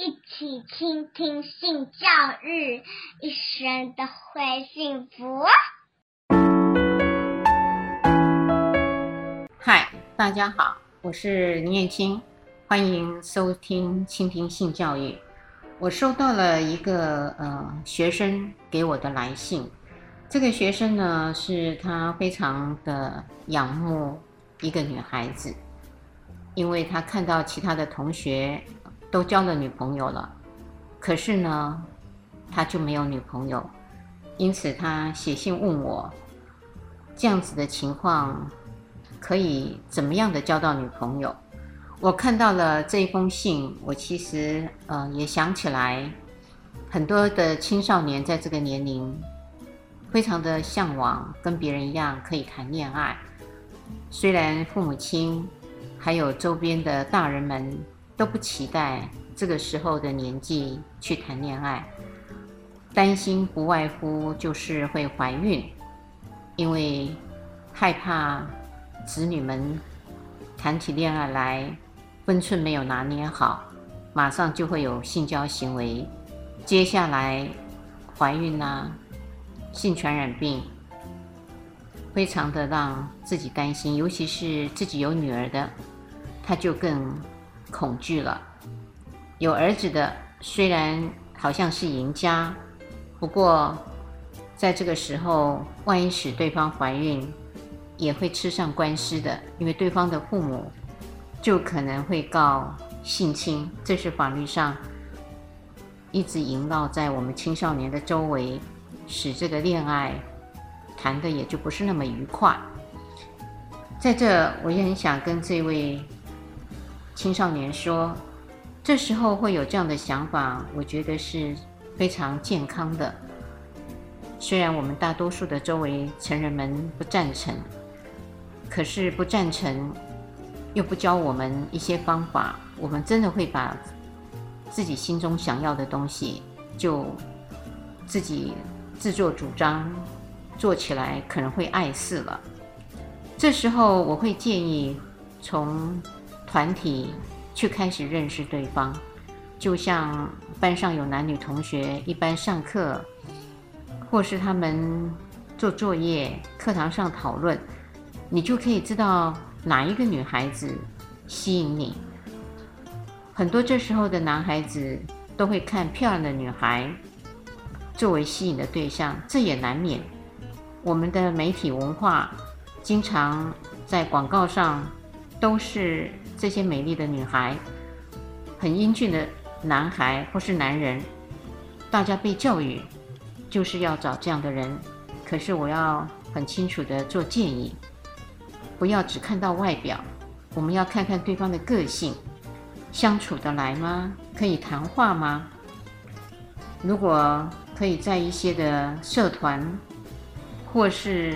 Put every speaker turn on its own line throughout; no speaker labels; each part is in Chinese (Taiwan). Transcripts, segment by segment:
一起傾聽性教育，一生都會幸福。嗨，大家好，我是林艷青，歡迎收聽傾聽性教育。我收到了一個呃學生給我的來信，這個學生呢是，他非常的仰慕一個女孩子，因為他看到其他的同學都交了女朋友了，可是呢，他就沒有女朋友，因此他寫信問我，這樣子的情況可以怎麼樣的交到女朋友？我看到了這一封信，我其實嗯、呃、也想起來，很多的青少年在這個年齡，非常的向往跟別人一樣可以談戀愛，雖然父母親還有周邊的大人們。都不期待這個時候的年紀去談戀愛，擔心不外乎就是會懷孕，因為害怕子女們談起戀愛來分寸沒有拿捏好，馬上就會有性交行為，接下來懷孕吶、啊，性傳染病，非常的讓自己擔心，尤其是自己有女兒的，她就更。恐懼了。有兒子的雖然好像是贏家，不過在這個時候，萬一使對方懷孕，也會吃上官司的，因為對方的父母就可能會告性侵。這是法律上一直縈繞在我們青少年的周圍，使這個戀愛談得也就不是那麼愉快。在這，我也很想跟這位。青少年說，這時候會有這樣的想法，我覺得是非常健康的。雖然我們大多數的周圍成人們不贊成，可是不贊成又不教我們一些方法，我們真的會把自己心中想要的東西就自己自作主張做起來，可能會礙事了。這時候我會建議從。團體去開始認識對方，就像班上有男女同學，一般上課，或是他們做作業、課堂上討論，你就可以知道哪一個女孩子吸引你。很多這時候的男孩子都會看漂亮的女孩作為吸引的對象，這也難免。我們的媒體文化經常在廣告上都是。這些美麗的女孩，很英俊的男孩或是男人，大家被教育就是要找這樣的人。可是我要很清楚的做建議，不要只看到外表，我們要看看對方的個性，相處得來嗎？可以談話嗎？如果可以在一些的社團，或是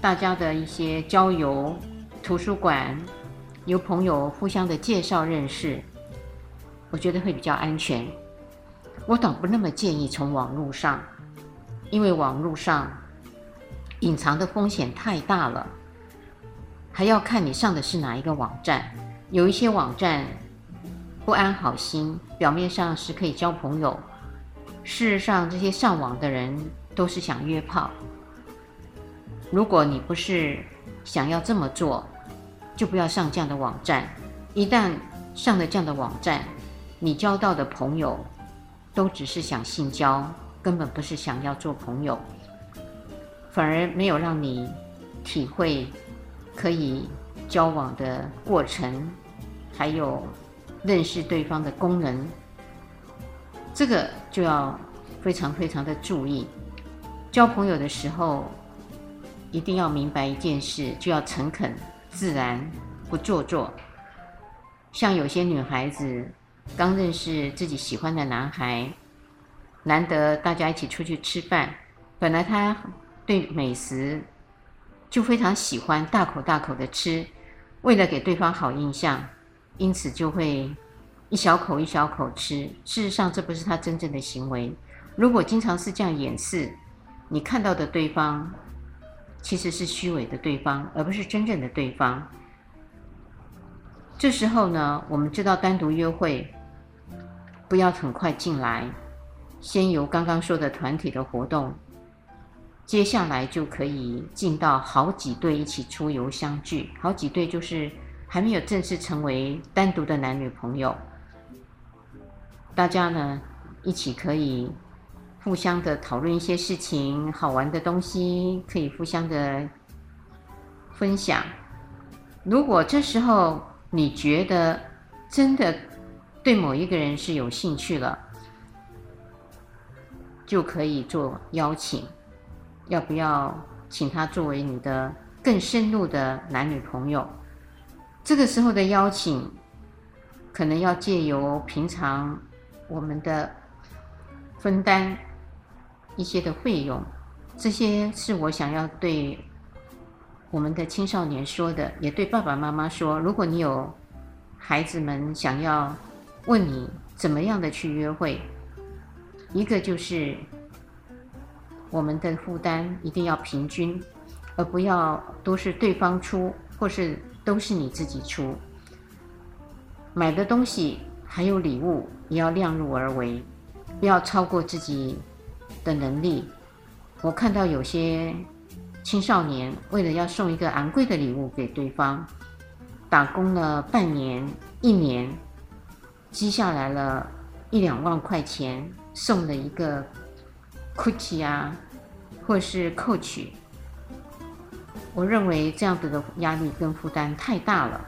大家的一些郊遊、圖書館。由朋友互相的介紹認識，我覺得會比較安全。我倒不那麼建議從網絡上，因為網絡上隱藏的風險太大了，還要看你上的是哪一個網站。有一些網站不安好心，表面上是可以交朋友，事實上這些上網的人都是想約炮。如果你不是想要這麼做，就不要上這樣的網站。一旦上了這樣的網站，你交到的朋友，都只是想性交，根本不是想要做朋友，反而沒有讓你體會可以交往的過程，還有認識對方的功能。這個就要非常非常的注意。交朋友的時候，一定要明白一件事，就要誠懇。自然不做作，像有些女孩子剛認識自己喜歡的男孩，難得大家一起出去吃飯，本來她對美食就非常喜歡，大口大口的吃，為了給對方好印象，因此就會一小口一小口吃。事實上，這不是她真正的行為。如果經常是這樣掩飾，你看到的對方。其實是虛偽的對方，而不是真正的對方。這時候呢，我們知道單獨約會，不要很快進來，先由剛剛說的團體的活動，接下來就可以進到好幾對一起出遊相聚，好幾對就是還沒有正式成為單獨的男女朋友，大家呢一起可以。互相的討論一些事情，好玩的東西可以互相的分享。如果這時候你覺得真的對某一個人是有興趣了，就可以做邀請，要不要請他作為你的更深入的男女朋友？這個時候的邀請，可能要借由平常我們的分擔。一些的費用，這些是我想要對我們的青少年說的，也對爸爸媽媽說。如果你有孩子們想要問你怎麼樣的去約會，一個就是我們的負擔一定要平均，而不要都是對方出，或是都是你自己出。買的東西還有禮物也要量入而為，不要超過自己的能力，我看到有些青少年為了要送一個昂貴的禮物給對方，打工了半年、一年，積下來了一兩萬塊錢，送了一個 Gucci 啊，或是 Coach。我認為這樣子的壓力跟負擔太大了，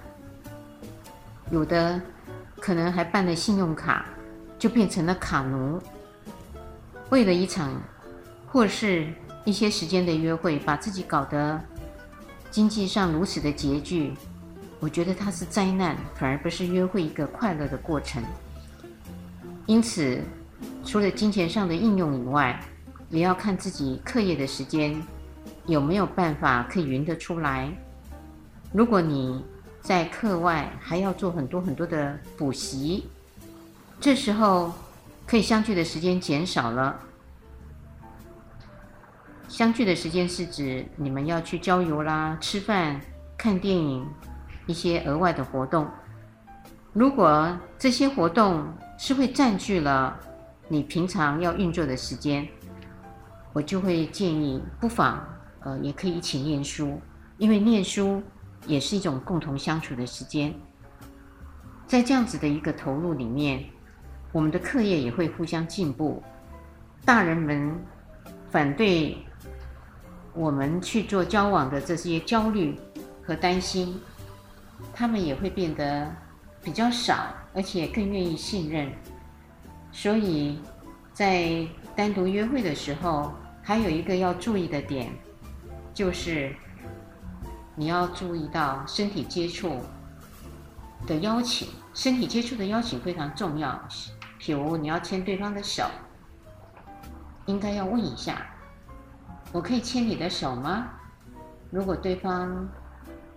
有的可能還辦了信用卡，就變成了卡奴。為了一場或是一些時間的約會，把自己搞得經濟上如此的拮據，我覺得它是災難，反而不是約會一個快樂的過程。因此，除了金錢上的應用以外，也要看自己課業的時間有沒有辦法可以勻得出來。如果你在課外還要做很多很多的補習，這時候。可以相聚的時間減少了。相聚的時間是指你們要去郊遊啦、吃飯、看電影，一些額外的活動。如果這些活動是會佔據了你平常要運作的時間，我就會建議不妨呃，也可以一起念書，因為念書也是一種共同相處的時間。在這樣子的一個投入裡面。我們的課業也會互相進步，大人們反對我們去做交往的這些焦慮和擔心，他們也會變得比較少，而且更願意信任。所以，在單獨約會的時候，還有一個要注意的點，就是你要注意到身體接觸的邀請。身體接觸的邀請非常重要。比如你要牽對方的手，應該要問一下：“我可以牽你的手嗎？”如果對方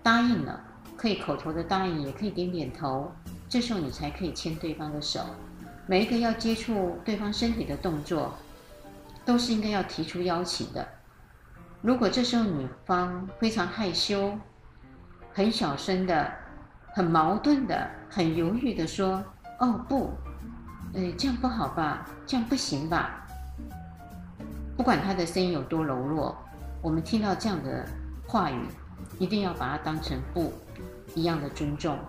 答應了，可以口頭的答應，也可以點點頭。這時候你才可以牽對方的手。每一個要接觸對方身體的動作，都是應該要提出邀請的。如果這時候女方非常害羞、很小聲的、很矛盾的、很猶豫的說：“哦，不。”呃，這樣不好吧？這樣不行吧？不管他的聲音有多柔弱，我們聽到這樣的話語，一定要把它當成不一樣的尊重，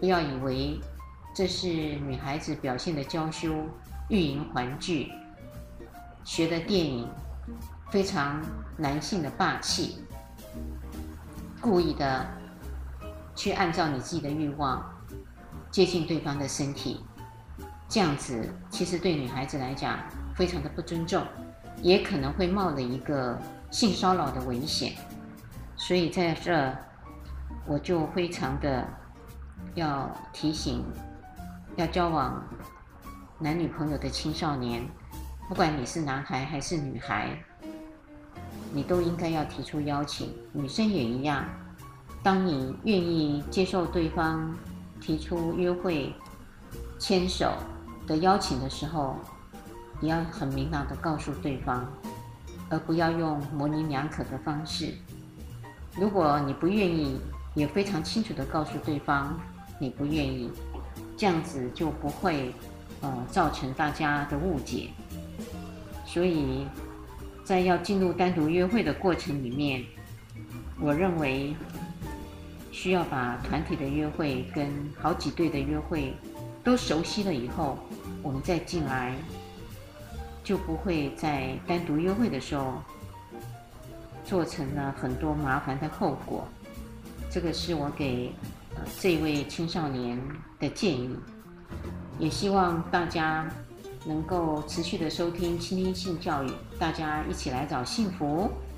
不要以為這是女孩子表現的嬌羞、欲迎還拒、學的電影，非常男性的霸氣，故意的去按照你自己的欲望接近對方的身體。這樣子其實對女孩子來講非常的不尊重，也可能會冒了一個性騷擾的危險。所以在這，我就非常的要提醒，要交往男女朋友的青少年，不管你是男孩還是女孩，你都應該要提出邀請。女生也一樣，當你願意接受對方提出約會、牽手，的邀請的時候，你要很明朗的告訴對方，而不要用模棱兩可的方式。如果你不願意，也非常清楚的告訴對方你不願意，這樣子就不會呃造成大家的誤解。所以，在要進入單獨約會的過程裡面，我認為需要把團體的約會跟好幾對的約會。都熟悉了以後，我們再進來，就不會在單獨約會的時候，做成了很多麻煩的後果。這個是我給、呃、這一位青少年的建議，也希望大家能夠持續的收聽傾聽性教育，大家一起來找幸福。